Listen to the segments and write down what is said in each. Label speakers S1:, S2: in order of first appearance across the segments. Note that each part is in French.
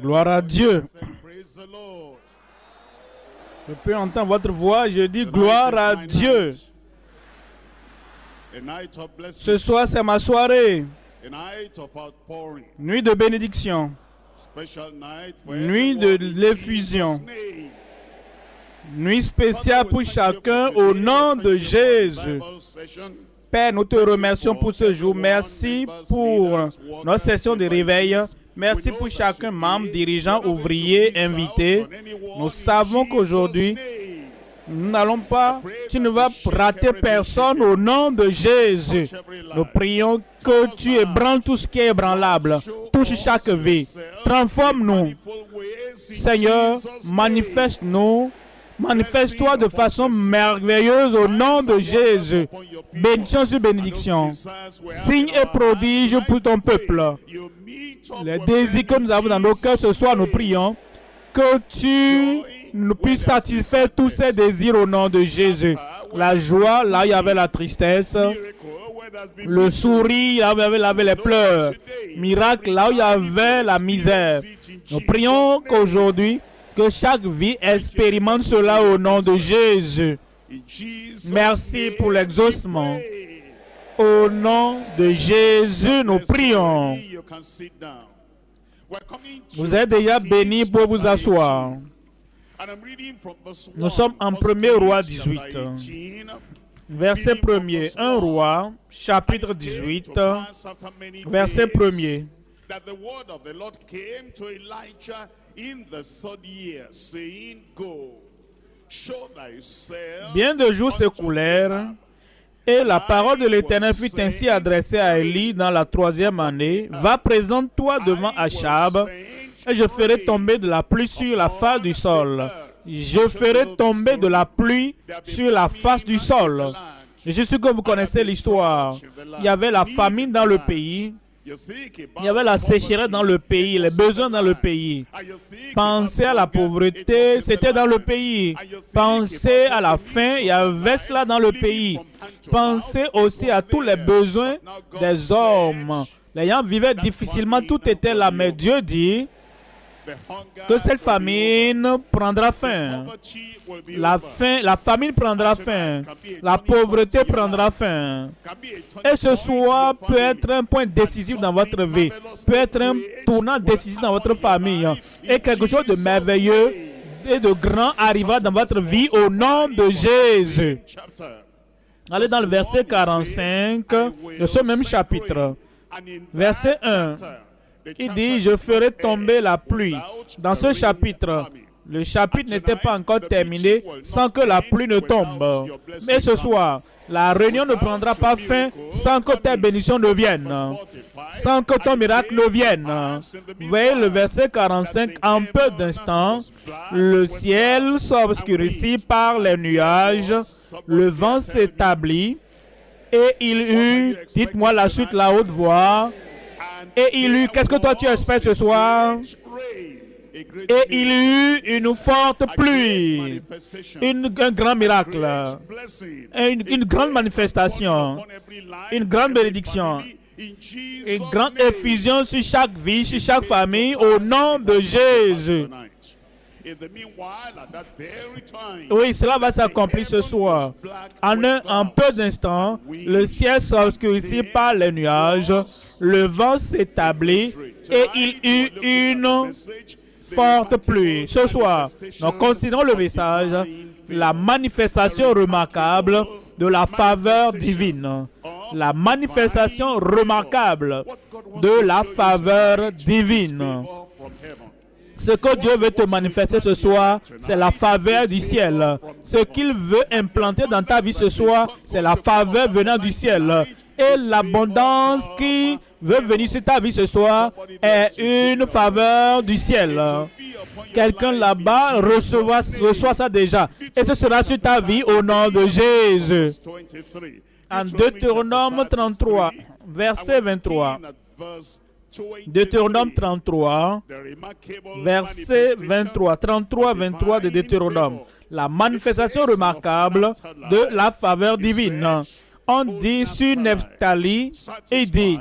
S1: Gloire à Dieu.
S2: Je peux entendre votre voix, je dis gloire à Dieu.
S1: Ce soir, c'est
S2: ma soirée. Nuit de bénédiction. Nuit de l'effusion. Nuit spéciale pour chacun au nom de Jésus. Père, nous te remercions pour ce jour. Merci pour notre session de réveil. Merci pour chacun membre, dirigeant, ouvrier, invité. Nous savons qu'aujourd'hui, nous n'allons pas, tu ne vas rater personne au nom de Jésus. Nous prions que tu ébranles tout ce qui est ébranlable. Touche chaque vie. Transforme-nous. Seigneur, manifeste-nous Manifeste-toi de façon merveilleuse au nom de Jésus. Bénédiction sur bénédiction. Signe et prodige pour ton peuple. Les désirs que nous avons dans nos cœurs ce soir, nous prions que tu nous puisses satisfaire tous ces désirs au nom de Jésus. La joie, là il y avait la tristesse. Le sourire, là où il y avait, avait les pleurs. Miracle, là où il y avait la misère. Nous prions qu'aujourd'hui, que chaque vie expérimente cela au nom de Jésus. Merci pour l'exaucement. Au nom de Jésus, nous prions. Vous êtes déjà béni pour vous asseoir. Nous sommes en 1er roi 18, verset 1er. 1 roi, chapitre 18, verset 1er. Bien de jours s'écoulèrent, et la parole de l'Éternel fut ainsi adressée à Élie dans la troisième année. Va présente-toi devant Achab, et je ferai tomber de la pluie sur la face du sol. Je ferai tomber de la pluie sur la face du sol. Je suis sûr que vous connaissez l'histoire. Il y avait la famine dans le pays. Il y avait la sécheresse dans le pays, les besoins dans le pays. Pensez à la pauvreté, c'était dans le pays. Pensez à la faim, il y avait cela dans le pays. Pensez aussi à tous les besoins des hommes. Les gens vivaient difficilement, tout était là, mais Dieu dit, que cette famine prendra fin. La, fin, la famine prendra fin. La pauvreté prendra fin. Et ce soir peut être un point décisif dans votre vie, peut être un tournant décisif dans votre famille. Et quelque chose de merveilleux et de grand arrivera dans votre vie au nom de Jésus. Allez dans le verset 45 de ce même chapitre. Verset 1. Il dit, je ferai tomber la pluie. Dans ce chapitre, le chapitre n'était pas encore terminé sans que la pluie ne tombe. Mais ce soir, la réunion ne prendra pas fin sans que ta bénédiction ne vienne, sans que ton miracle ne vienne. Vous voyez le verset 45, en peu d'instants, le ciel s'obscurcit par les nuages, le vent s'établit, et il eut, dites-moi la suite, la haute voix, et il eut, qu'est-ce que toi tu espères ce soir et il y eut une forte pluie, un grand miracle, une grande manifestation, une grande bénédiction, une grande effusion sur chaque vie, sur chaque famille, au nom de Jésus. Oui, cela va s'accomplir ce soir. En un, en peu d'instants, le ciel s'obscurcit par les nuages, le vent s'établit et il y eut une forte pluie. Ce soir, nous considérons le message, la manifestation remarquable de la faveur divine. La manifestation remarquable de la faveur divine. Ce que Dieu veut te manifester ce soir, c'est la faveur du ciel. Ce qu'il veut implanter dans ta vie ce soir, c'est la faveur venant du ciel. Et l'abondance qui veut venir sur ta vie ce soir est une faveur du ciel. Quelqu'un là-bas reçoit, ça déjà. Et ce sera sur ta vie au nom de Jésus. En Deutéronome 33, verset 23.
S1: Deutéronome
S2: 33, verset 23, 33, 23 de Deutéronome. La manifestation remarquable de la faveur divine. On dit sur Neftali, il dit,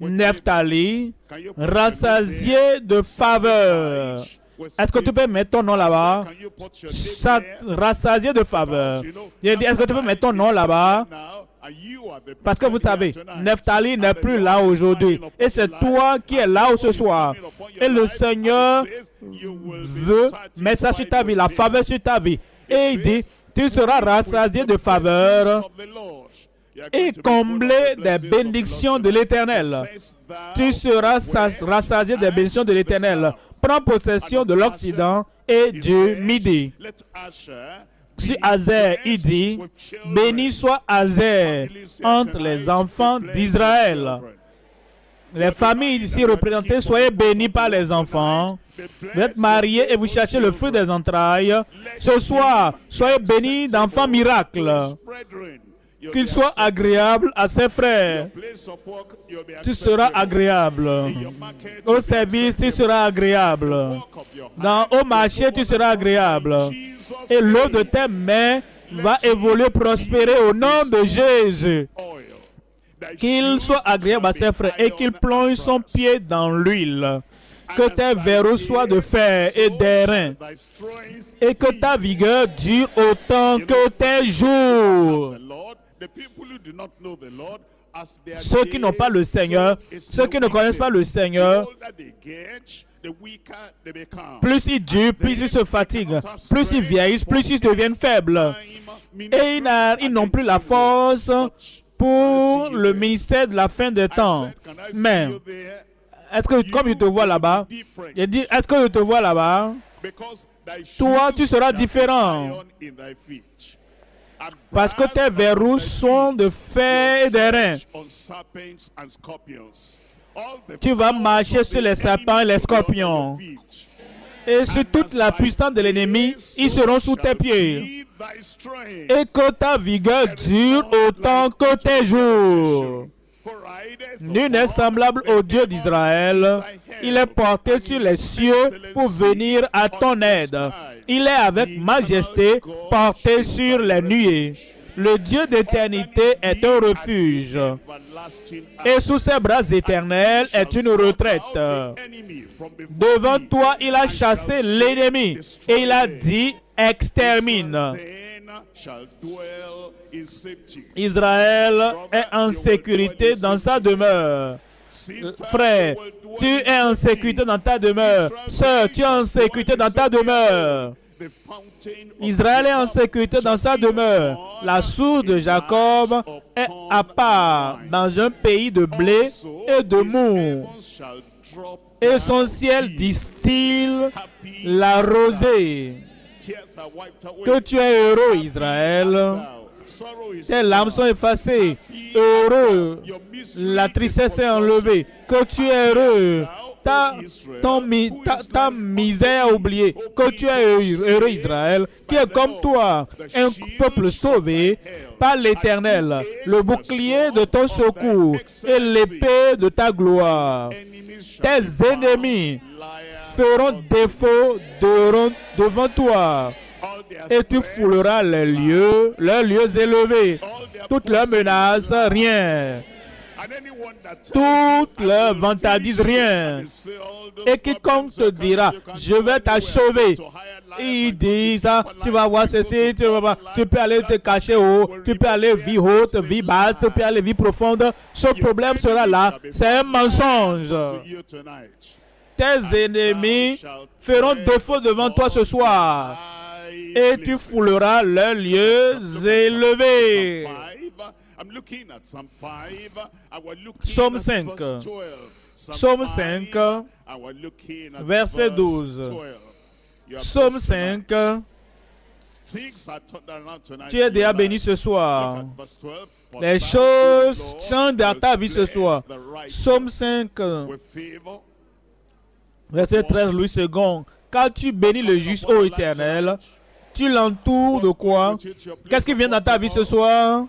S2: Neftali, rassasié de faveur. Est-ce que tu peux mettre ton nom là-bas? Rassasié de faveur. est-ce que tu peux mettre ton nom là-bas? Parce que vous savez, Neftali n'est plus là aujourd'hui. Et c'est toi qui es là ce soir. Et le Seigneur
S3: veut
S2: ça sur ta vie, la faveur sur ta vie. Et il dit, tu seras rassasié de faveur et comblé des bénédictions de l'Éternel. Tu seras rassasié des bénédictions de l'Éternel. Prends possession de l'Occident et du Midi sur Azer, il dit, béni soit Azer entre les enfants d'Israël. Les familles ici représentées, soyez bénies par les enfants. Vous êtes mariés et vous cherchez le fruit des entrailles. Ce soir, soyez bénis d'enfants miracles qu'il soit agréable à ses frères. Tu seras agréable. Au service, tu seras agréable. Dans, au marché, tu seras agréable. Et l'eau de tes mains va évoluer, prospérer au nom de Jésus. Qu'il soit agréable à ses frères et qu'il plonge son pied dans l'huile que tes verrous soient de fer et d'airain, et que ta vigueur dure autant que tes jours. Ceux qui n'ont pas le Seigneur, ceux qui ne connaissent pas le Seigneur, plus ils durent, plus ils se fatiguent, plus ils vieillissent, plus ils deviennent faibles. Et ils n'ont plus la force pour le ministère de la fin des temps. Mais, est-ce que comme je te vois là-bas, il dit, est-ce que je te vois là-bas, toi, tu seras différent parce que tes verrous sont de fer et de reins,
S1: Tu vas marcher sur les
S2: serpents, et les scorpions. Et sur toute la puissance de l'ennemi, ils seront sous tes pieds. Et que ta vigueur dure autant que tes jours. Nul n'est semblable au Dieu d'Israël. Il est porté sur les cieux pour venir à ton aide. Il est avec majesté porté sur les nuées. Le Dieu d'éternité est un refuge. Et sous ses bras éternels est une retraite. Devant toi, il a chassé l'ennemi. Et il a dit, extermine.
S1: Israël
S2: est en sécurité dans sa demeure. Frère, tu es en sécurité dans ta demeure. Sœur, tu es en sécurité dans ta demeure. Israël est en sécurité dans sa demeure. La source de Jacob est à part dans un pays de blé et de mou. Et son ciel distille la rosée. Que tu es heureux, Israël. Tes larmes sont effacées. Heureux, la tristesse est enlevée. Que tu es heureux. Ta, ta, misère oubliée. Que tu es heureux, Israël, qui est comme toi, un peuple sauvé par l'Éternel, le bouclier de ton secours et l'épée de ta gloire. Tes ennemis feront défaut devant toi et tu fouleras les lieux, les lieux élevés, toutes leurs menaces, rien. Toutes leurs vantardises, rien. Et quiconque te dira, je vais t'achever. Ils disent, ah, tu vas voir ceci, tu vas voir. Tu peux aller te cacher haut, tu peux aller vie haute, vie basse, tu peux aller vie profonde. Ce problème sera là. C'est un mensonge tes ennemis feront défaut devant toi ce soir et tu fouleras leurs lieux élevés.
S1: Somme 5. Somme 5, verset 12. Somme 5. Tu es déjà béni ce soir. Les choses
S2: changent dans ta vie ce soir. Somme 5, verset 13, Louis II. quand tu bénis le juste, ô éternel, tu l'entoures de quoi Qu'est-ce qui vient dans ta vie ce soir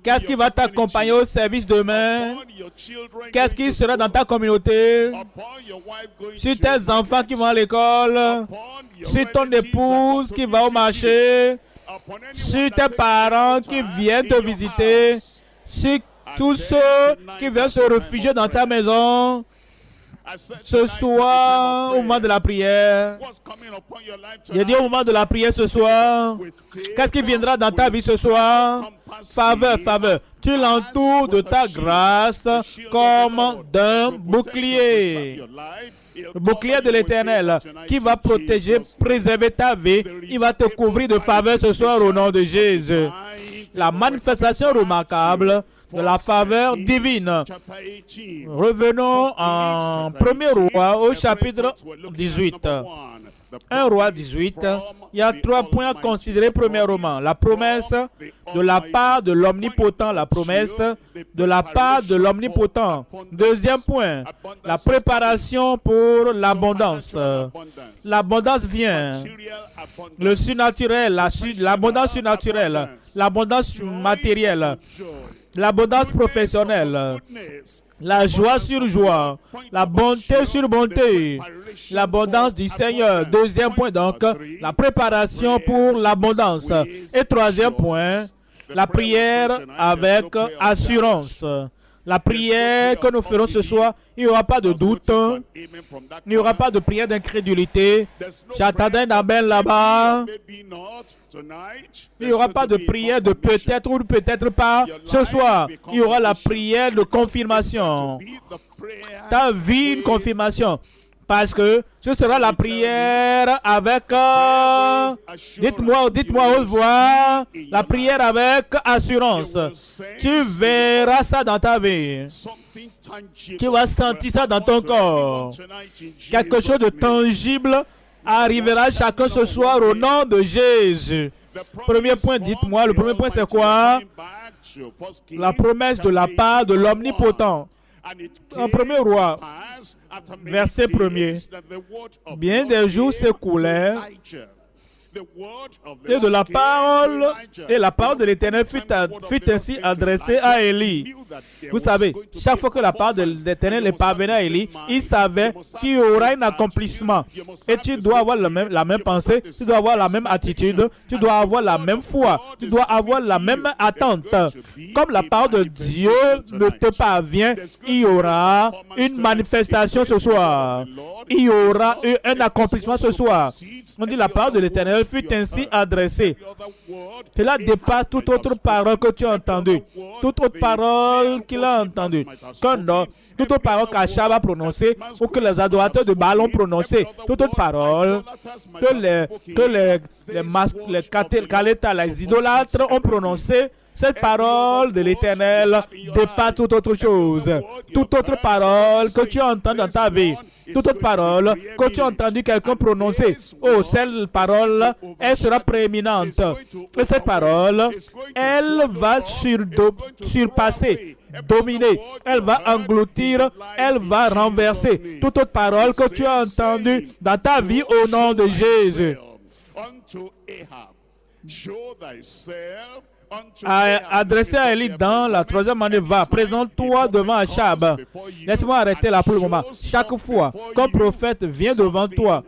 S2: Qu'est-ce qui va t'accompagner au service demain Qu'est-ce qui sera dans ta communauté Sur tes enfants qui vont à l'école Sur ton épouse qui va au marché Sur tes parents qui viennent te visiter Sur tous ceux qui viennent se réfugier dans ta maison ce soir, au moment de la prière, j'ai dit au moment de la prière ce soir, qu'est-ce qui viendra dans ta vie ce soir Faveur, faveur. Tu l'entoures de ta grâce comme d'un bouclier. Le bouclier de l'éternel qui va protéger, préserver ta vie. Il va te couvrir de faveur ce soir au nom de Jésus. La manifestation remarquable de la faveur divine. Revenons en premier roi au chapitre 18. Un roi 18, il y a trois points à considérer premièrement. La promesse de la part de l'omnipotent, la promesse de la part de l'omnipotent. Deuxième point, la préparation pour l'abondance. L'abondance vient. Le surnaturel, l'abondance surnaturelle, l'abondance matérielle l'abondance professionnelle, la joie sur joie, la bonté sur bonté, l'abondance du Seigneur. Deuxième point donc, la préparation pour l'abondance. Et troisième point, la prière avec assurance. La prière que nous ferons ce soir, il n'y aura pas de doute, hein. il n'y aura pas de prière d'incrédulité. J'attends un amen là-bas. Il n'y aura pas de prière de peut-être ou peut-être pas. Ce soir, il y aura la prière de confirmation. Ta vie, une confirmation. Parce que ce sera la prière avec, euh, dites-moi, dites-moi au revoir, la prière avec assurance. Tu verras ça dans ta vie. Tu vas sentir ça dans ton corps. Quelque chose de tangible arrivera chacun ce soir au nom de Jésus. Premier point, dites-moi, le premier point c'est quoi La promesse de la part de l'Omnipotent. Un premier roi, verset premier. Bien des jours s'écoulèrent et de la parole, et la parole de l'Éternel fut, fut, ainsi adressée à Élie. Vous savez, chaque fois que la parole de l'Éternel est parvenue à Élie, il savait qu'il y aura un accomplissement. Et tu dois avoir la même, la même pensée, tu dois avoir la même attitude, tu dois avoir la même foi, tu dois avoir la même attente. Comme la parole de Dieu ne te parvient, il y aura une manifestation ce soir. Il y aura un accomplissement ce soir. On dit la parole de l'Éternel fut ainsi adressé Cela dépasse toute autre parole que tu as entendue, toute autre parole qu'il a entendue, qu'un toute autre parole qu'Achab a prononcée ou que les adorateurs de Baal ont prononcée, toute autre parole que les, que les, les, les, les, les idolâtres ont prononcée cette parole de l'Éternel dépasse toute autre chose. Toute autre parole que tu entends dans ta vie. Toute autre parole que tu as entendu quelqu'un prononcer. Oh, cette parole, elle sera prééminente. Et cette parole, elle va surpasser dominer, elle va engloutir, elle va renverser toute autre parole que tu as entendue dans ta vie au nom de Jésus a adressé à Élie dans la troisième année, va, présente-toi devant Achab. Laisse-moi arrêter là pour le moment. Chaque fois qu'un prophète vient devant toi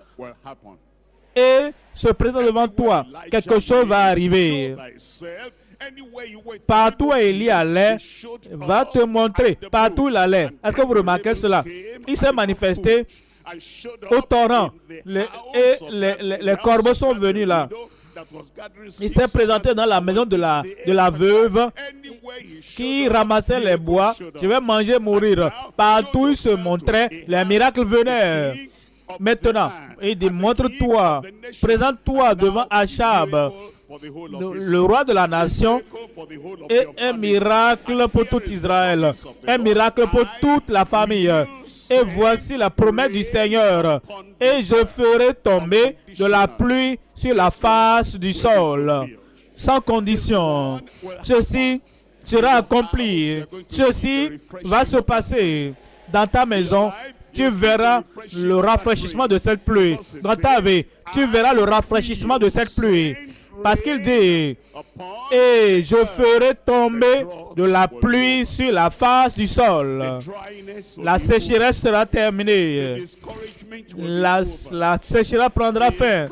S2: et se présente devant toi, quelque chose va arriver. Partout où Élie allait, va te montrer. Partout où il allait. Est-ce que vous remarquez cela? Il s'est manifesté au torrent. et les corbeaux sont venus là. Il s'est présenté dans la maison de la, de la veuve qui ramassait les bois. Je vais manger, mourir. Partout il se montrait, les miracles venaient. Maintenant, il dit, montre-toi, présente-toi devant Achab
S3: le, roi de la nation
S2: est un miracle pour tout Israël, un miracle pour toute la famille. Et voici la promesse du Seigneur. Et je ferai tomber de la pluie sur la face du sol, sans condition. Ceci sera accompli. Ceci va se passer dans ta maison. Tu verras le rafraîchissement de cette pluie. Dans ta vie, tu verras le rafraîchissement de cette pluie. Parce qu'il dit, et je ferai tomber de la pluie sur la face du sol. La sécheresse sera terminée. La, la sécheresse prendra fin.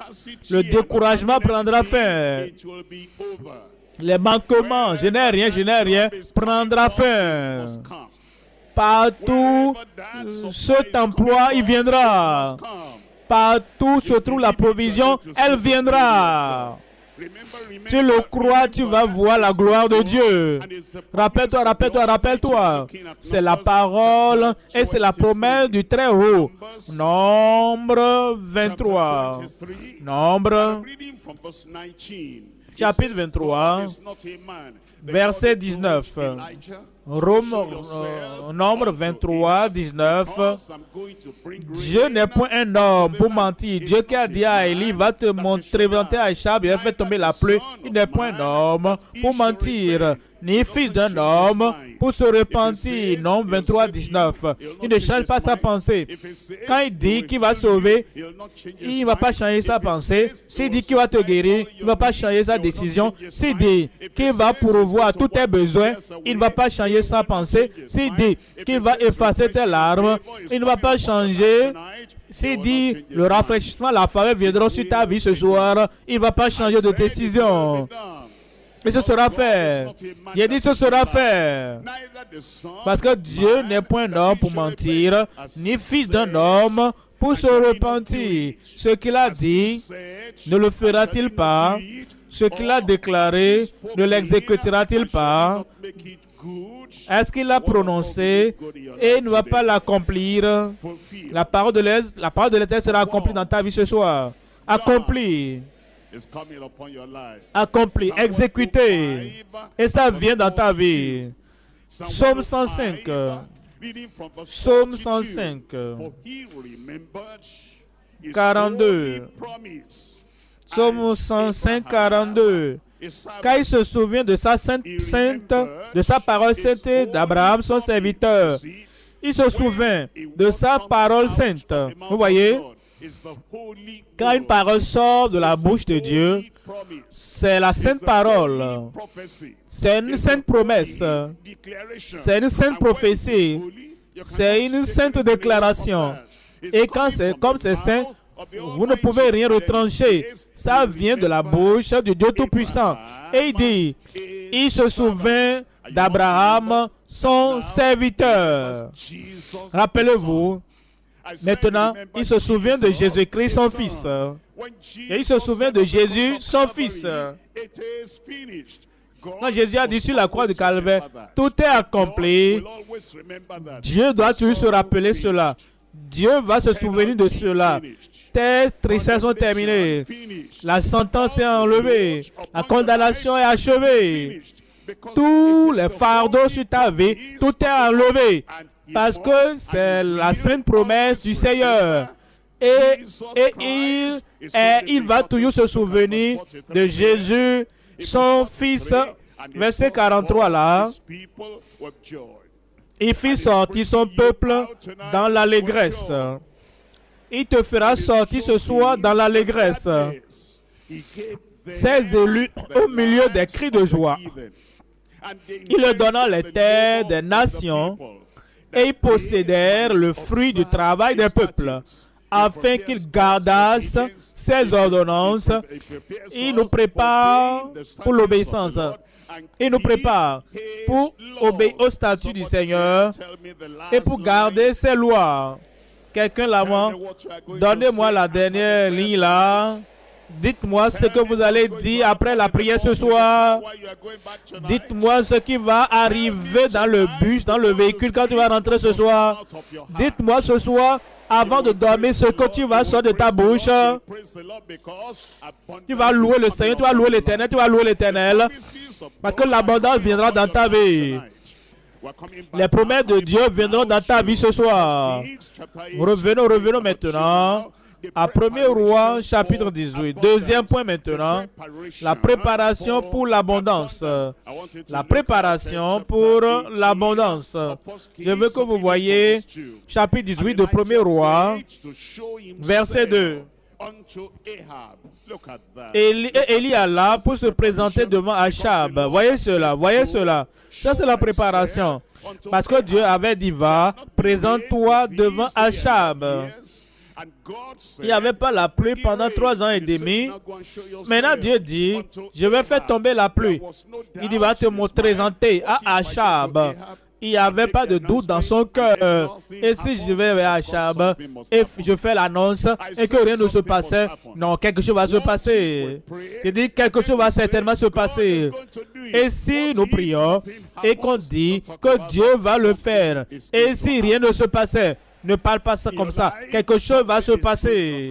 S2: Le découragement prendra fin. Les manquements, je n'ai rien, je n'ai rien, prendra fin partout cet emploi, il viendra. Partout se trouve la provision, elle viendra. Tu le crois, tu vas voir la gloire de Dieu. Rappelle-toi, rappelle-toi, rappelle-toi. C'est la parole et c'est la promesse du Très-Haut. Nombre 23. Nombre
S1: chapitre 23, verset 19.
S3: Rome, euh,
S2: nombre 23, 19. Dieu n'est point un homme pour mentir. Dieu qui a dit à Élie, va te montrer, à Échab il va faire tomber la pluie. Il n'est point un homme pour mentir ni fils d'un homme pour se repentir. Non 23, 19. Il ne change pas sa pensée. Quand il dit qu'il va sauver, il ne va pas changer sa pensée. S'il dit qu'il va te guérir, il ne va pas changer sa décision. S'il dit qu'il va pourvoir tous tes besoins, il ne va pas changer sa pensée. S'il dit qu'il va effacer tes larmes, il ne va pas changer S'il dit, le rafraîchissement, la faveur viendra sur ta vie ce soir. Il ne va pas changer de décision. Mais ce sera fait. J'ai dit ce sera fait. Parce que Dieu n'est point d'homme pour mentir, ni fils d'un homme pour se repentir. Ce qu'il a dit, ne le fera-t-il pas Ce qu'il a déclaré, ne l'exécutera-t-il pas est-ce qu'il l'a prononcé et ne va pas l'accomplir La parole de l'État sera accomplie dans ta vie ce soir. Accomplie accompli, exécuté. Et ça vient dans ta vie. Psaume 105.
S1: Psaume 105. 42.
S2: Psaume 105, 42. Car il se souvient de sa sainte, de sa parole sainte d'Abraham, son serviteur. Il se souvient de sa parole sainte. Vous voyez, quand une parole sort de la bouche de Dieu. C'est la sainte parole. C'est une sainte promesse. C'est une sainte prophétie. C'est une sainte déclaration. Et quand c'est comme c'est saint, vous ne pouvez rien retrancher. Ça vient de la bouche du Dieu Tout-Puissant. Et il dit, il se souvint d'Abraham, son serviteur. Rappelez-vous, Maintenant, il se souvient de Jésus-Christ, son Fils. Et il se souvient de Jésus, son Fils. Quand Jésus a dit sur la croix du Calvaire, tout est accompli, Dieu doit toujours se rappeler cela. Dieu va se souvenir de cela. Tes tristesses sont terminées. La sentence est enlevée. La condamnation est achevée. Tous les fardeaux sur ta vie, tout est enlevé parce que c'est la sainte promesse du Seigneur. Et, et il, il va toujours se souvenir de Jésus, son Fils. Verset 43 là. Il fit sortir son peuple dans l'allégresse. Il te fera sortir ce soir dans l'allégresse. Ses élus au milieu des cris de joie. Il leur donna les terres des nations et ils possédèrent le fruit du travail des peuples, afin qu'ils gardassent ses ordonnances. Il nous prépare pour l'obéissance. Ils nous prépare pour obéir au statut du Seigneur et pour garder ses lois. Quelqu'un là-bas, donnez-moi la dernière ligne là. Dites-moi ce que vous allez dire après la prière ce soir. Dites-moi ce qui va arriver dans le bus, dans le véhicule quand tu vas rentrer ce soir. Dites-moi ce soir, avant de dormir, ce que tu vas sortir de ta bouche.
S3: Tu vas louer le Seigneur, tu
S2: vas louer l'Éternel, tu vas louer l'Éternel. Parce que l'abondance viendra dans ta vie. Les promesses de Dieu viendront dans ta vie ce soir. Revenons, revenons maintenant à 1er roi chapitre 18. Deuxième point maintenant, la préparation pour l'abondance. La préparation pour l'abondance. Je veux que vous voyez chapitre 18 de 1er roi,
S3: verset 2.
S2: Élie, y a là pour se présenter devant Achab. Voyez cela, voyez cela. Ça, c'est la préparation. Parce que Dieu avait dit, va, présente-toi devant Achab. Il n'y avait pas la pluie pendant trois ans et demi. Maintenant, Dieu dit, je vais faire tomber la pluie. Il va te montrer à Achab. Il n'y avait pas de doute dans son cœur. Et si je vais à Achab et je fais l'annonce et que rien ne se passait, non, quelque chose va se passer. Il dit, quelque chose va certainement se passer. Et si nous prions et qu'on dit que Dieu va le faire, et si rien ne se passait, ne parle pas comme ça. Quelque chose va se passer.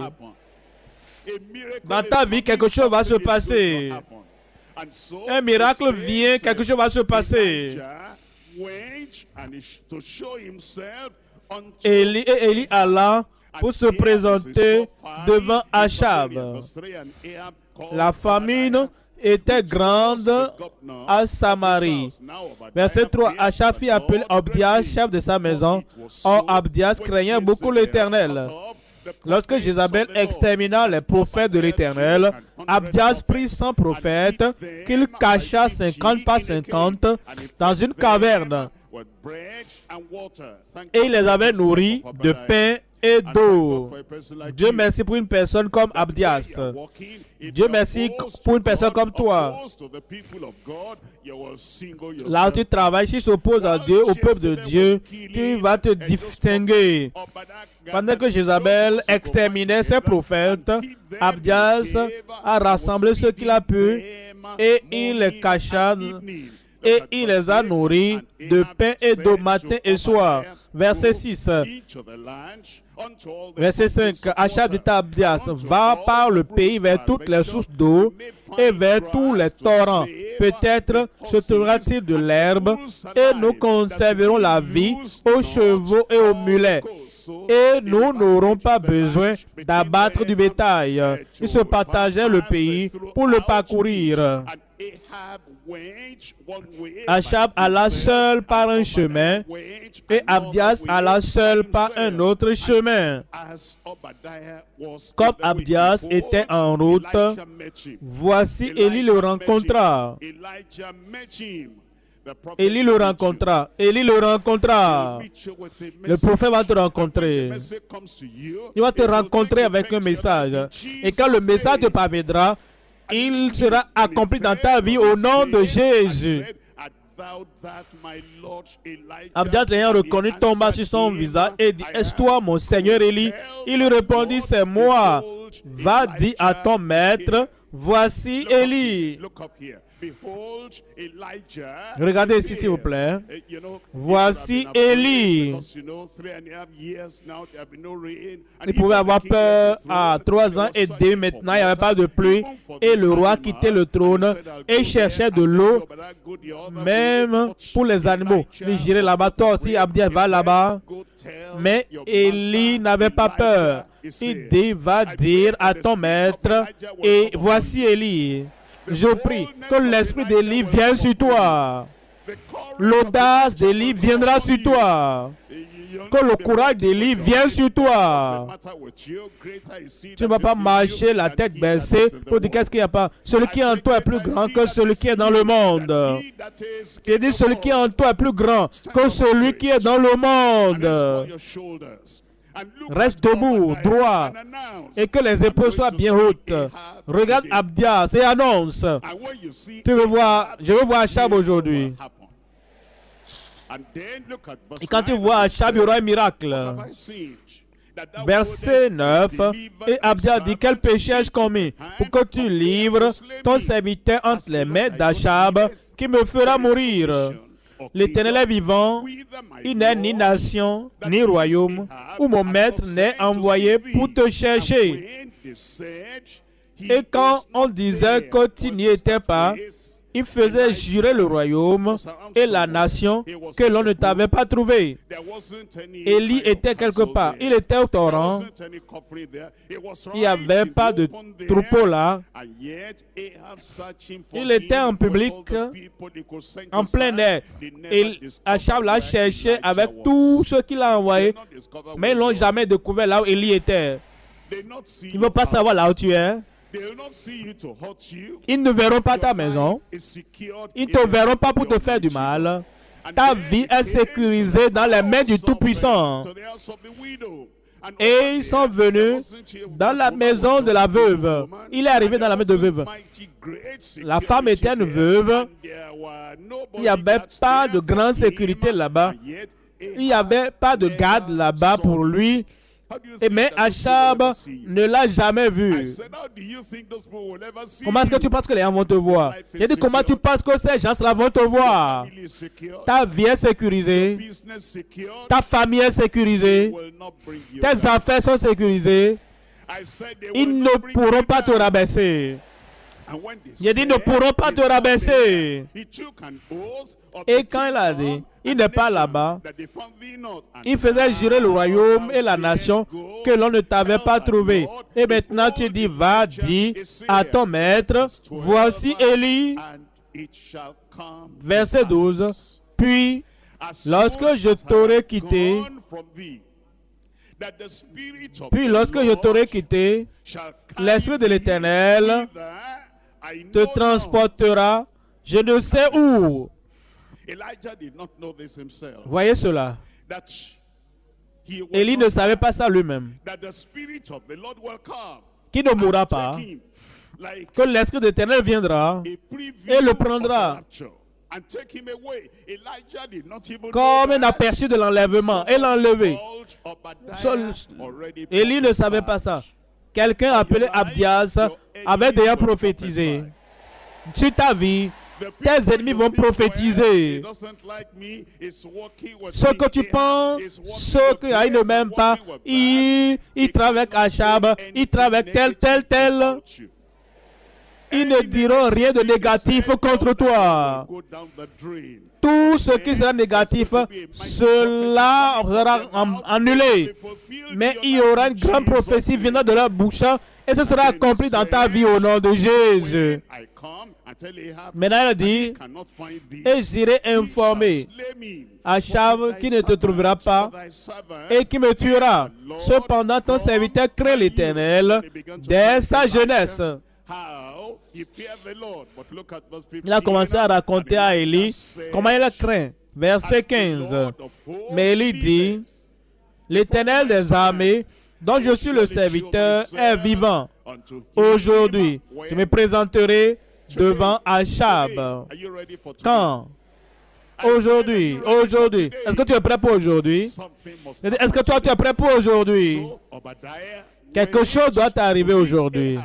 S2: Dans ta vie, quelque chose va se passer.
S1: Un miracle vient, quelque chose
S2: va se passer. et Élie alla pour se présenter devant Achab. La famine était grande à Samarie. Verset 3. Achafi appelle Abdias, chef de sa maison. Or, Abdias craignait beaucoup l'Éternel. Lorsque Jézabel extermina les prophètes de l'Éternel, Abdias prit 100 prophètes qu'il cacha 50 par 50 dans une caverne. Et il les avait nourris de pain et Dieu merci pour une personne comme Abdias.
S1: Dieu merci pour une personne comme toi. Là où tu
S2: travailles, si tu à Dieu, au peuple de Dieu, tu vas te distinguer. Pendant que Jézabel exterminait ses prophètes, Abdias a rassemblé ce qu'il a pu et il les et il les a nourris de pain et d'eau matin et soir verset 6. Verset 5. Achab dit à va par le pays vers toutes les sources d'eau et vers tous les torrents. Peut-être se trouvera-t-il de l'herbe et nous conserverons la vie aux chevaux et aux mulets. Et nous n'aurons pas besoin d'abattre du bétail. Ils se partageaient le pays pour le parcourir. Achab alla seul par un chemin et Abdias à alla seule par un autre chemin. Comme Abdias était en route,
S1: voici elie le rencontra. Élie le
S2: rencontra. Élie le rencontra. Le prophète va te rencontrer. Il va te rencontrer avec un message. Et quand le message te parviendra, il sera accompli dans ta vie au nom de Jésus. Abdias ayant reconnu tomba sur son visage et dit, Est-ce toi, mon Seigneur Élie Il lui répondit, C'est moi. Va dire à ton maître, Voici Élie.
S1: Regardez ici, s'il vous plaît. Eh, Voici Élie.
S2: Il pouvait avoir peur à trois ans et demi maintenant, il n'y avait pas de pluie. Et le roi quittait le trône et cherchait de l'eau, même pour les animaux. Il girait là-bas, aussi va là-bas. Mais Élie n'avait pas peur. Il va dire à ton maître. Et voici Élie. Je prie que l'esprit d'Élie vienne sur toi. L'audace d'Élie viendra sur toi. Que le courage d'Élie vienne sur toi.
S3: Tu ne vas pas marcher
S2: la tête baissée pour dire qu'est-ce qu'il n'y a pas. Celui qui est en toi est plus grand que celui qui est dans le monde. Tu dis celui qui est en toi est plus grand que celui qui est dans le monde. Reste debout, droit, et que les épaules soient bien hautes. Regarde Abdia, c'est annonce. Tu veux voir, je veux voir Achab aujourd'hui.
S1: Et quand tu vois Achab, il y aura un miracle.
S2: Verset 9, et Abdia dit, quel péché ai-je commis pour que tu livres ton serviteur entre les mains d'Achab qui me fera mourir L'Éternel est vivant, il n'est ni nation, ni royaume, où mon maître n'est envoyé pour te chercher.
S1: Et quand
S2: on disait que tu n'y étais pas, il faisait jurer le royaume et la nation que l'on ne t'avait pas trouvé. Élie était quelque part. Il était au torrent.
S1: Il n'y avait pas de troupeau là.
S3: Il était en public, en plein air.
S2: Et Achab l'a cherché avec tout ce qu'il a envoyé. Mais ils n'ont jamais découvert là où Élie était.
S1: Ils ne veulent pas savoir là où tu es. Ils ne verront pas ta maison.
S2: Ils ne te verront pas pour te faire du mal. Ta vie est sécurisée dans les mains du Tout-Puissant. Et ils sont venus dans la maison de la veuve. Il est arrivé dans la maison de veuve. La femme était une veuve. Il n'y avait pas de grande sécurité là-bas. Il n'y avait pas de garde là-bas pour lui mais Achab ne l'a jamais vu.
S3: Comment est-ce que tu penses
S2: que les gens vont te voir J'ai dit, comment tu penses que ces gens-là vont te voir Ta vie est sécurisée. Ta famille est sécurisée. Tes affaires sont sécurisées. Ils ne pourront pas te rabaisser.
S3: J'ai dit, ils ne pourront pas te rabaisser. Et quand
S2: il a dit, il n'est pas là-bas. Il faisait jurer le royaume et la nation que l'on ne t'avait pas trouvé. Et maintenant tu dis, va, dis à ton maître, voici Élie. Verset 12. Puis,
S1: lorsque je t'aurai quitté, puis lorsque je t'aurai quitté,
S2: l'Esprit de l'Éternel te transportera, je ne sais où, Voyez cela. Élie ne savait pas ça lui-même. Qui ne mourra pas, que l'Esprit de l'Éternel viendra et le prendra
S3: comme un aperçu de l'enlèvement et l'enlever.
S2: Élie ne savait pas ça. Quelqu'un appelé Abdias avait déjà prophétisé. Tu t'avis. Tes ennemis vont prophétiser. Ce que tu penses, ce que ne m'aiment pas, ils, travaille travaillent avec Achab, ils travaillent avec tel, tel. tel ils ne diront rien de négatif contre toi. Tout ce qui sera négatif, cela sera annulé. Mais il y aura une grande prophétie venant de la bouche et ce sera accompli dans ta vie au nom de Jésus. Maintenant, il dit,
S1: et j'irai informer Achab qui ne te trouvera pas et qui me tuera.
S2: Cependant, ton serviteur crée l'Éternel dès sa jeunesse. Il a commencé à raconter à Élie comment il a craint. Verset 15. Mais Élie dit, l'Éternel des armées, dont je suis le serviteur, est vivant. Aujourd'hui, je me présenterai devant Achab. Quand Aujourd'hui, aujourd'hui. Est-ce que tu es prêt pour aujourd'hui? Est-ce que toi tu es prêt pour aujourd'hui? Quelque chose doit arriver aujourd'hui.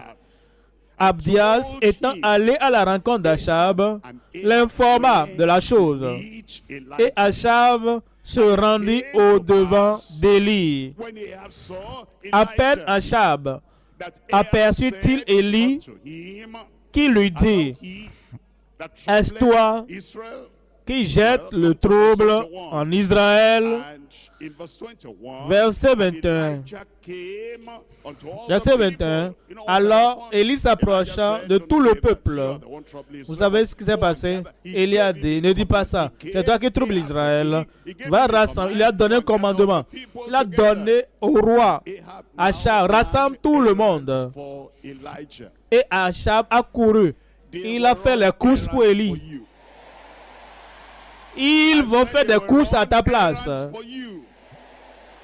S2: Abdias, étant allé à la rencontre d'Achab, l'informa de la chose. Et Achab se rendit au-devant d'Élie. À peine Achab aperçut-il Élie qui lui dit, Est-ce toi qui jettes le trouble en Israël Verset 21. Verset 21. Alors Élie s'approcha de tout le peuple. Vous savez ce qui s'est passé Élie a dit, ne dis pas ça. C'est toi qui troubles Israël. Va Il a donné un commandement. Il a donné au roi Achab, rassemble tout le monde. Et Achab a couru. Il a fait les courses pour Élie. Ils vont faire des courses à ta place.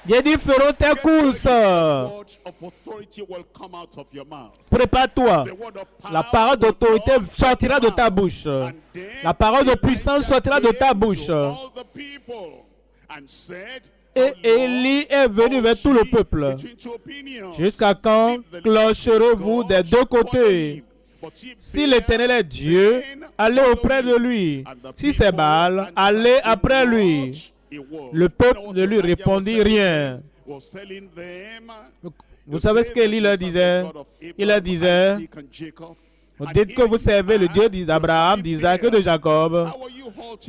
S2: J'ai dit tes courses.
S1: Prépare-toi. La
S2: parole d'autorité sortira de ta bouche. La parole de puissance sortira de ta bouche. Et Élie est venu vers tout le peuple. Jusqu'à quand clocherez-vous des deux côtés si l'Éternel est Dieu, allez auprès de lui. Si c'est mal, allez après lui. Le peuple ne lui répondit rien. Vous savez ce qu'Élie leur disait Il leur disait,
S3: dites
S2: que vous servez le Dieu d'Abraham, d'Isaac et de Jacob.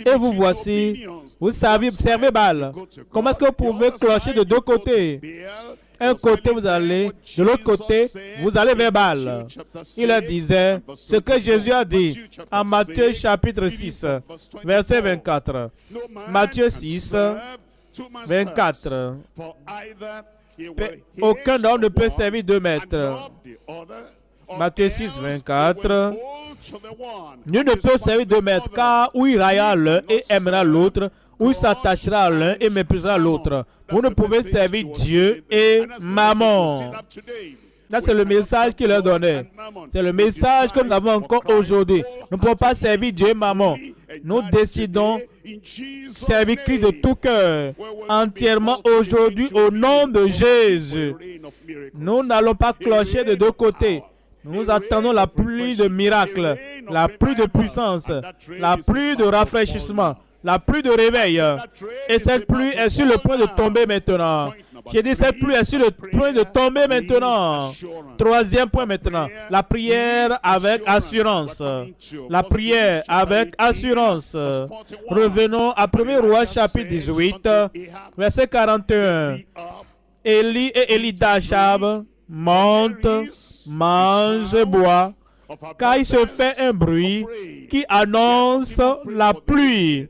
S2: Et vous voici, vous savez observez Baal. Comment est-ce que vous pouvez clocher de deux côtés un côté vous allez, de l'autre côté vous allez vers Baal. Il disait ce que Jésus a dit en Matthieu chapitre 6, verset 24. Matthieu 6, 24. Aucun homme ne peut servir deux maîtres.
S3: Matthieu 6, 24.
S2: Nul ne peut servir deux maîtres, car ou ira l'un et aimera l'autre, ou s'attachera à l'un et méprisera l'autre. Vous ne pouvez servir Dieu et maman. Là, c'est le message qu'il leur donnait. C'est le message que nous avons encore aujourd'hui. Nous ne pouvons pas servir Dieu et maman. Nous décidons servir Christ de tout cœur, entièrement aujourd'hui, au nom de Jésus. Nous n'allons pas clocher de deux côtés. Nous attendons la pluie de miracles, la pluie de puissance, la pluie de rafraîchissement. La pluie de réveil. Euh, et cette pluie est sur le point de tomber maintenant. J'ai dit, cette pluie est sur le point de tomber maintenant. Troisième point maintenant. La prière avec assurance. La prière avec assurance. Revenons à 1 Roi chapitre 18, verset 41. Élie et d'Achab montent, mangent, boivent, car il se fait un bruit qui annonce la pluie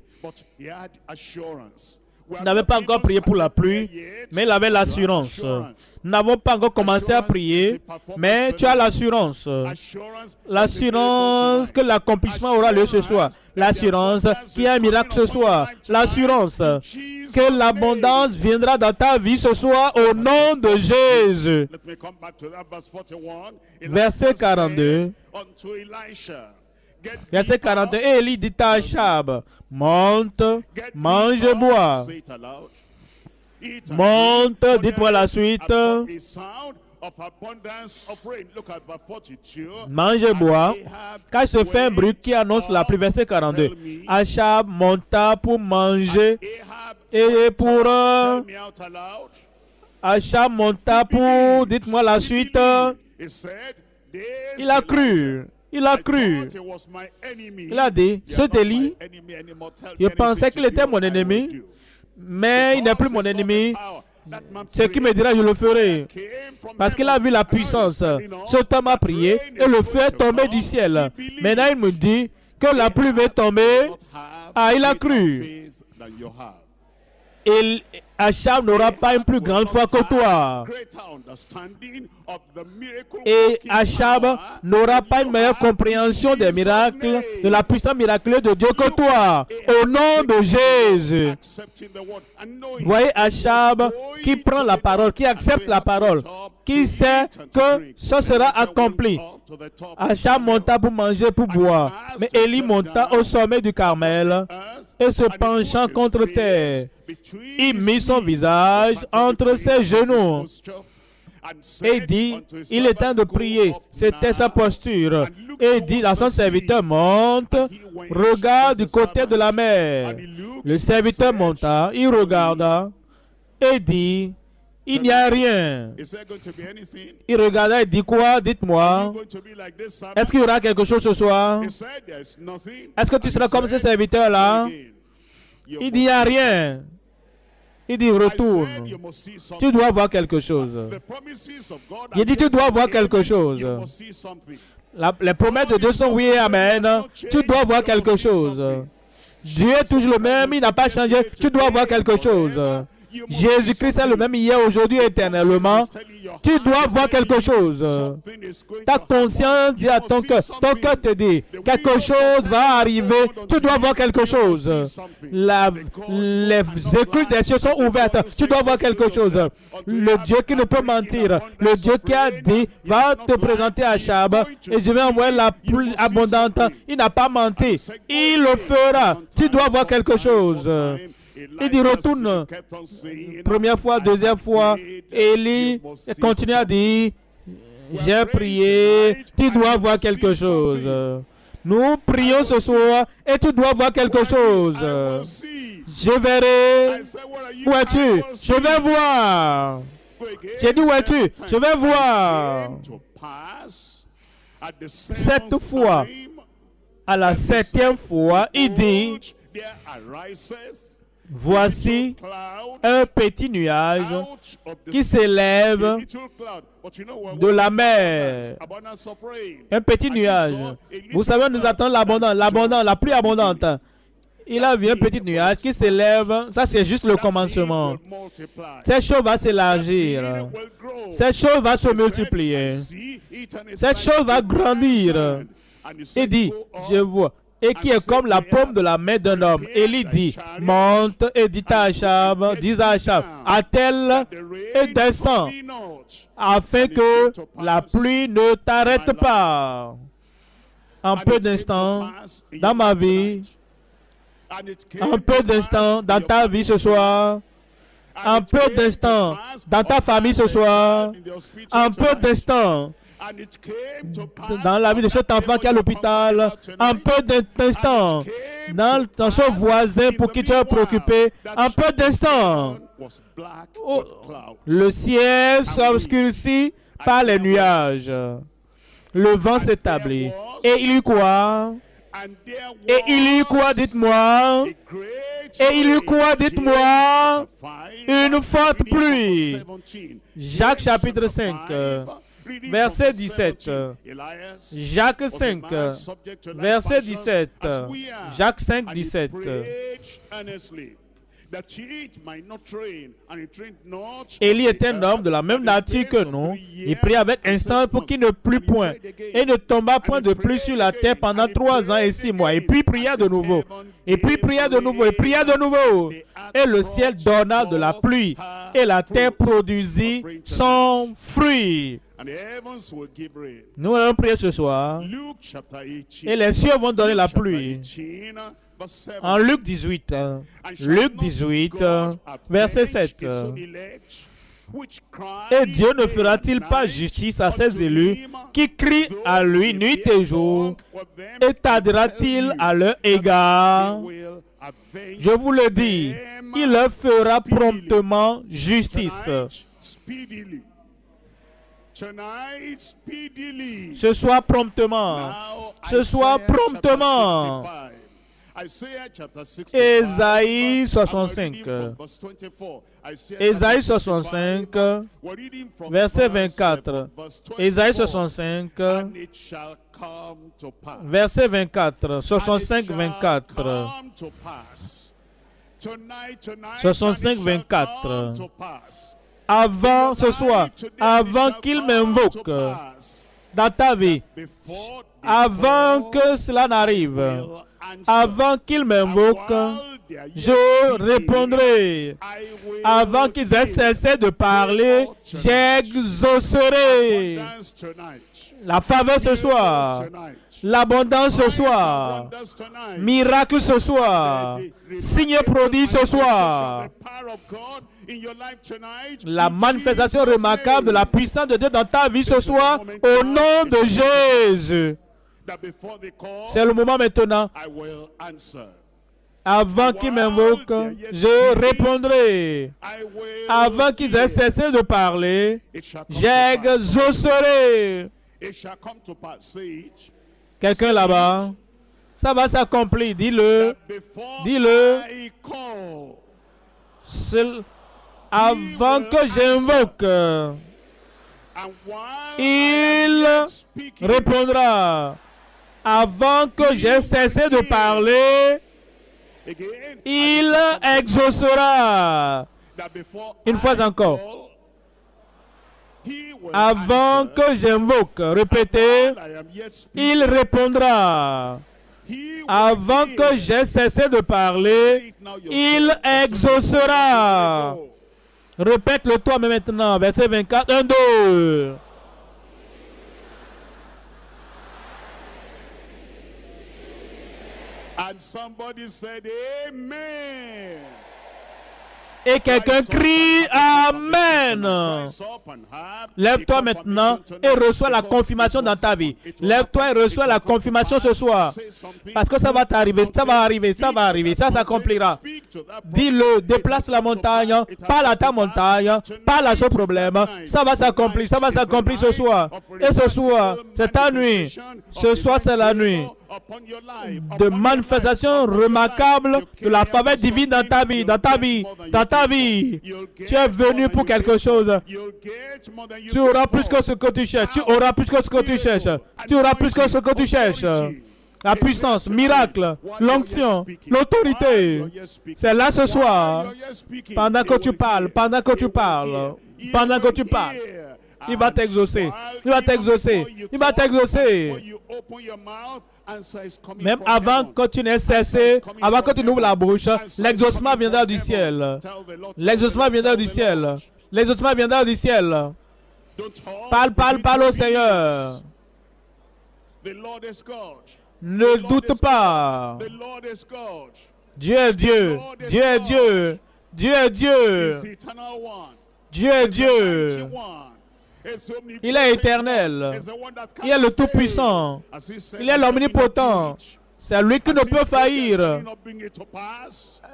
S2: il n'avait pas encore prié pour la pluie, mais il avait l'assurance. Nous n'avons pas encore commencé à prier, mais tu as l'assurance. L'assurance que l'accomplissement aura lieu ce soir. L'assurance qu'il y a un miracle ce soir. L'assurance que l'abondance viendra dans ta vie ce soir au nom de Jésus.
S1: Verset 42.
S2: Verset 42, « et Élie dit à Achab, monte, mange bois.
S1: Monte,
S2: dites-moi la suite. Mange et bois, car ce fait un bruit qui annonce la pluie. Verset 42. Achab monta pour manger
S3: et pour... Euh,
S2: Achab monta pour... Dites-moi la suite. Il a cru. Il a cru.
S1: Il a dit, ce délit je pensais
S2: qu'il était mon ennemi, mais il n'est plus mon ennemi. Ce qui me dira, je le ferai. Parce qu'il a vu la puissance. Ce homme a prié et le feu est tombé du ciel. Maintenant, il me dit que la pluie va tomber. Ah, il a cru. Il, Achab n'aura pas une plus grande foi que toi. Et Achab n'aura pas une meilleure compréhension des miracles, de la puissance miraculeuse de Dieu que toi. Au nom de Jésus. voyez Achab qui prend la parole, qui accepte la parole, qui sait que ce sera accompli. Achab monta pour manger, pour boire. Mais Élie monta au sommet du Carmel et se penchant contre terre, il mit son son visage entre ses genoux et dit, il est temps de prier. C'était sa posture. Et dit la son serviteur, monte, regarde du côté de la mer. Le serviteur monta, il regarda et dit, il n'y a rien. Il regarda et dit quoi Dites-moi. Est-ce qu'il y aura quelque chose ce soir Est-ce que tu seras comme ce serviteur-là Il n'y a rien. Il dit, retourne. Tu dois voir quelque chose.
S3: Il dit, tu dois voir quelque chose.
S2: les promesses de Dieu sont oui et amen. Tu dois voir quelque chose. Dieu est toujours le même, il n'a pas changé. Tu dois voir quelque chose. Jésus-Christ est le même hier, aujourd'hui, éternellement. Tu dois voir quelque chose. Ta conscience dit à ton cœur, ton cœur te dit, quelque chose va arriver. Tu dois voir quelque chose. les écoutes des cieux sont ouvertes. Tu dois voir quelque chose. Le Dieu qui ne peut mentir, le Dieu qui a dit, va te présenter à Chab, et je vais envoyer la plus abondante. Il n'a pas menti. Il le fera. Tu dois voir quelque chose. Il dit retourne. Première fois, deuxième fois. Elie continue à dire, j'ai prié, tu dois voir quelque chose. Nous prions ce soir et tu dois voir quelque chose. Je verrai. Où es-tu? Je vais voir. J'ai dit, où es-tu? Je vais voir.
S1: Cette fois,
S2: à la septième fois, il dit, Voici un petit nuage qui s'élève
S3: de la mer. Un petit nuage. Vous savez,
S2: nous attend l'abondance, la pluie abondante. Il a vu un petit nuage qui s'élève. Ça, c'est juste le commencement. Cette chose va s'élargir. Cette chose va se multiplier. Cette chose va grandir. Et dit, je vois, et qui est comme la pomme de la main d'un homme. Élie dit, monte et dit à Achab, dis à Achab, attelle et descends, afin que la pluie ne t'arrête pas. Un peu d'instants, dans ma vie, un peu d'instant dans ta vie ce soir, un peu d'instant dans ta famille ce soir, un peu d'instant
S1: dans la vie de cet
S2: enfant qui est à l'hôpital, un peu d'instant, dans, son voisin pour qui tu es préoccupé, un peu d'instant, oh, le ciel s'obscurcit par les nuages. Le vent s'établit. Et il y quoi Et il y quoi, dites-moi Et il y quoi, dites-moi Une forte pluie. Jacques chapitre 5 verset 17. Jacques 5, verset 17. Jacques 5, 17. Élie est un homme de la même nature que nous. Il prit avec instant pour qu'il ne plût point et ne tomba point de plus sur la terre pendant trois ans et six mois. Et puis pria de nouveau. Et puis pria de nouveau. Et pria de nouveau. Et le ciel donna de la pluie et la terre produisit son fruit. Nous allons prier ce soir. Et les cieux vont donner la pluie.
S1: En Luc 18, hein. Luc 18, euh,
S2: verset 7. Euh. Et Dieu ne fera-t-il pas justice à ses élus qui crient à lui nuit et jour Et tardera-t-il à leur égard Je vous le dis, il leur fera promptement justice. Ce soir promptement. Ce soir promptement.
S1: Esaïe 65. Esaïe 65, verset
S2: 24. Esaïe 65,
S1: verset 24. 65,
S2: 24. 65, 24. Avant ce soir, avant qu'il m'invoque dans ta vie, avant que cela n'arrive, avant qu'ils m'invoquent, je répondrai. Avant qu'ils aient cessé de parler, j'exaucerai la faveur ce soir, l'abondance ce soir, miracle ce soir, signe produit ce soir,
S1: la manifestation remarquable de
S2: la puissance de Dieu dans ta vie ce soir, au nom de Jésus. C'est le moment maintenant. Avant qu'ils m'invoquent, je répondrai. Avant qu'ils aient cessé de parler, j'exaucerai. Quelqu'un là-bas, ça va s'accomplir. Dis-le. Dis-le. Avant que j'invoque, il répondra avant que j'ai cessé de parler, il exaucera. Une fois encore. Avant que j'invoque, répétez, il répondra. Avant que j'ai cessé de parler, il exaucera. Répète-le toi maintenant. Verset 24, 1, 2. Et quelqu'un crie Amen. Lève-toi maintenant et reçois la confirmation dans ta vie. Lève-toi et reçois la confirmation ce soir. Parce que ça va t'arriver, ça va arriver, ça va arriver, ça s'accomplira. Dis-le, déplace la montagne, parle à ta montagne, parle à ce problème. Ça va s'accomplir, ça va s'accomplir ce soir. Et ce soir, c'est ta nuit. Ce soir, c'est la nuit de manifestations remarquables de la faveur divine dans ta vie, dans ta vie, dans ta vie. Tu es venu pour quelque chose. Tu auras plus que ce que tu cherches. Tu auras plus que ce que tu cherches. Tu auras plus que ce que tu cherches
S3: la puissance, miracle, l'onction, l'autorité. C'est là ce soir, pendant que tu parles, pendant que tu parles, pendant que tu parles.
S2: Il va t'exaucer. Il va t'exaucer. Il va t'exaucer. Même avant que tu n'aies cessé, avant que tu n'ouvres la bouche, l'exhaustion viendra du ciel. L'exaucement viendra du ciel. L'exaucement viendra du ciel. Parle, parle, parle au Seigneur. Ne doute pas. Dieu est Dieu. Dieu est Dieu. Dieu est Dieu.
S1: Dieu, est Dieu. Il est éternel. Il est le Tout-Puissant. Il est l'Omnipotent.
S2: C'est lui qui ne peut faillir.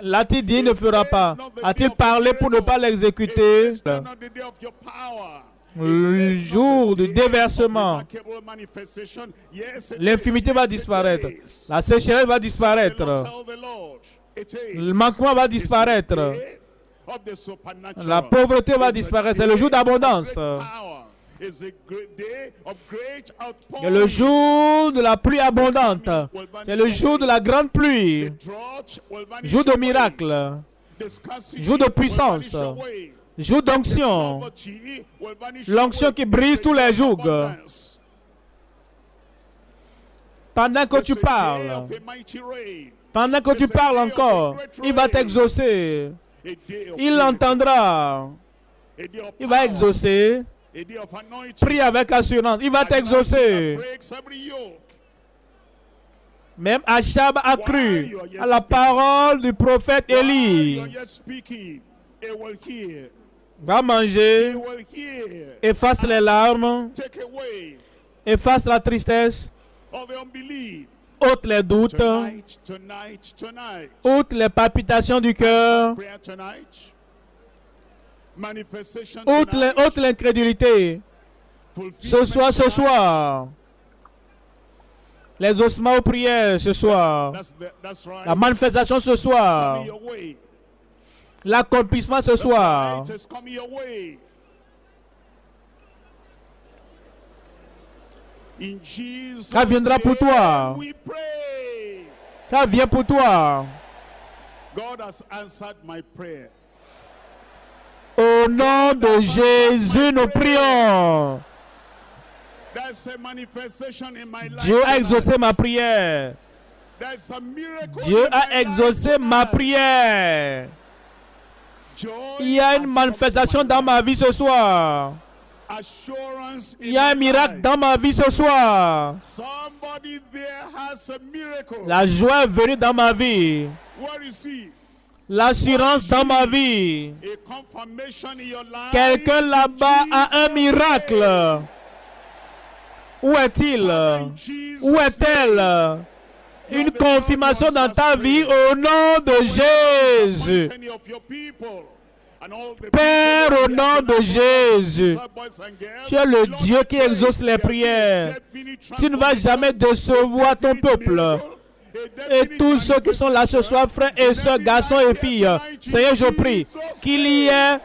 S2: L'a-t-il dit, ne fera pas. A-t-il parlé pour ne pas l'exécuter le jour du déversement, l'infimité va disparaître, la sécheresse va disparaître,
S1: le manquement va disparaître, la pauvreté va disparaître. C'est le jour d'abondance. C'est le
S2: jour de la pluie abondante. C'est le jour de la grande pluie. Jour de miracle.
S3: Jour de puissance.
S2: Jour d'onction. L'onction qui brise tous les jours. Pendant que tu parles,
S1: pendant que tu parles encore, il va
S2: t'exaucer. Il l'entendra. Il va exaucer. Prie avec assurance. Il va t'exaucer. Même Achab a cru à la parole du prophète Élie. Va manger, efface les larmes, efface la tristesse,
S1: ôte les doutes, ôte les palpitations du cœur. Outre
S2: l'incrédulité,
S1: ce soir, ce
S2: soir, les ossements aux prières ce soir, la manifestation ce soir, l'accomplissement ce soir.
S1: Ça viendra pour toi.
S2: Ça vient pour toi.
S1: God has answered my prayer.
S2: Au nom de Jésus, nous prions. Dieu a exaucé ma prière. Dieu a exaucé ma prière. Il y a une manifestation dans ma vie ce soir.
S1: Il y a un miracle dans ma vie ce soir. La
S2: joie est venue dans ma vie l'assurance dans ma vie. Quelqu'un là-bas a un miracle. Où est-il Où est-elle Une confirmation dans ta vie au nom de Jésus.
S3: Père, au
S2: nom de Jésus, tu es le Dieu qui exauce les prières. Tu ne vas jamais décevoir ton peuple et tous ceux qui sont là ce soir, frères et sœurs, garçons et filles. Seigneur, je prie qu'il y ait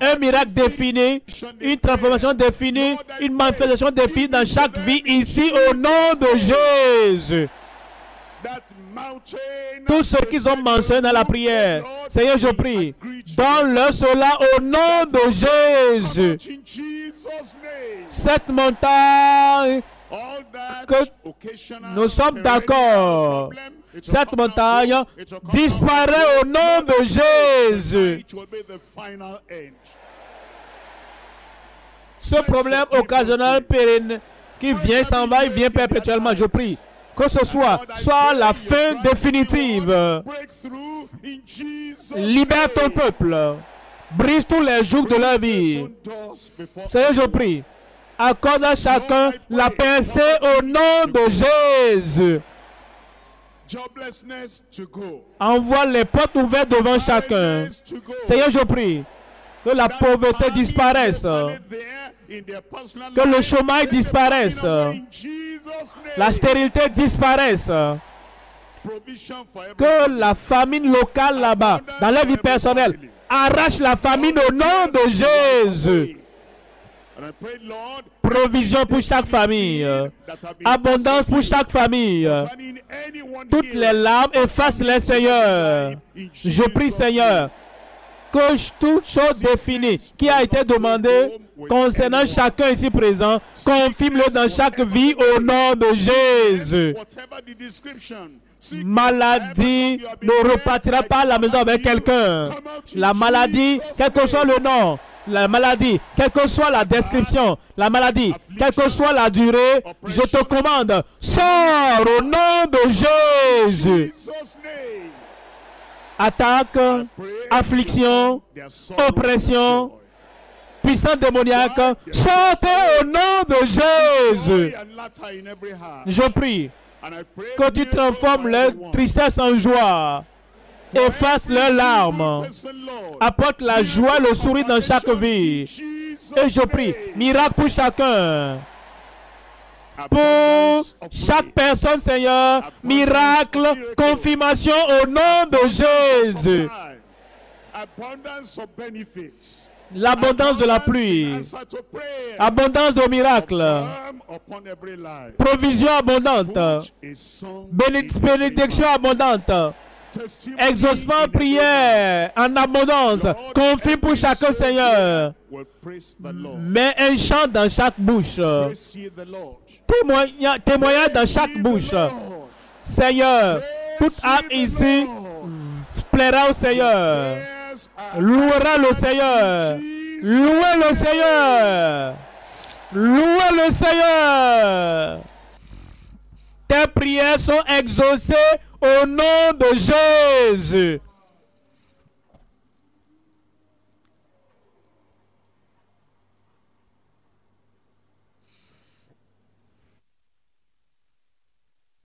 S2: un miracle défini, une transformation définie, une manifestation définie dans chaque vie ici au nom de Jésus. Tous ceux qui ont mentionné dans la prière, Seigneur, je prie, donne-leur cela au nom de Jésus. Cette montagne que nous sommes d'accord, cette montagne disparaît au nom de Jésus. Ce problème occasionnel pérenne qui vient s'en va, il vient perpétuellement, je prie. Que ce soit, soit la fin définitive.
S3: Libère ton
S2: peuple. Brise tous les jours de leur vie. Seigneur, je prie accorde à chacun la pensée au nom de Jésus. Envoie les portes ouvertes devant chacun. Seigneur, je prie que la pauvreté disparaisse, que
S1: le chômage disparaisse, la stérilité
S2: disparaisse, que la famine locale là-bas, dans la vie personnelle, arrache la famine au nom de Jésus. Provision pour chaque famille. Abondance pour chaque famille. Toutes les larmes efface-les, Seigneur. Je prie, Seigneur, que toute chose définie qui a été demandée concernant chacun ici présent, confirme-le dans chaque vie au nom de Jésus. Maladie ne repartira pas à la maison avec quelqu'un. La maladie, quel que soit le nom, la maladie, quelle que soit la description, la maladie, quelle que soit la durée, je te commande, sors au nom de Jésus. Attaque, affliction, oppression, puissant démoniaque, sortez au nom de Jésus. Je prie que tu transformes la tristesse en joie efface leurs larmes, apporte la joie, le sourire dans chaque vie. Et je prie, miracle pour chacun. Pour chaque personne, Seigneur, miracle, confirmation au nom de Jésus. L'abondance de la pluie, abondance de miracles,
S3: provision abondante, bénédiction
S2: abondante. Exaucement, prière en abondance, confie pour chacun, Seigneur. Mets un chant dans chaque bouche. Témoignage, dans chaque bouche. Seigneur, toute âme ici plaira au Seigneur. Louera le Seigneur. Louez le Seigneur. Louez le Seigneur. Tes prières sont exaucées au nom de Jésus.